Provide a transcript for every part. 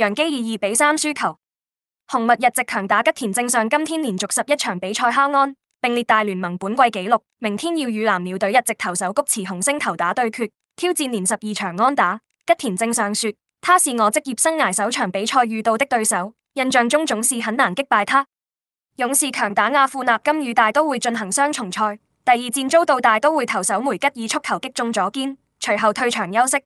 揚基以二比三輸球，紅襪日籍強打吉田正尚，今天連續十一場比賽敲安，並列大聯盟本季紀錄。明天要與藍鳥隊日籍投手菊池雄星投打對決，挑戰連十二場安打。吉田正尚說：他是我職業生涯首場比賽遇到的對手，印象中總是很難擊敗他。勇士強打亞庫納，今與大都會進行雙重賽，第二戰遭到大都會投手梅吉爾速球擊中左肩，隨後退場休息。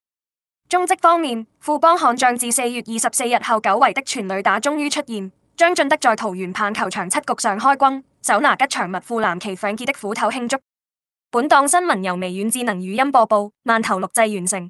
中職方面，富邦悍將自四月二十四日後久違的全壘打終於出現，張進德在桃園棒球場七局上開轟，手拿吉祥物富南旗反擊的斧頭慶祝。本檔新聞由微軟智能語音播報，慢投錄製完成。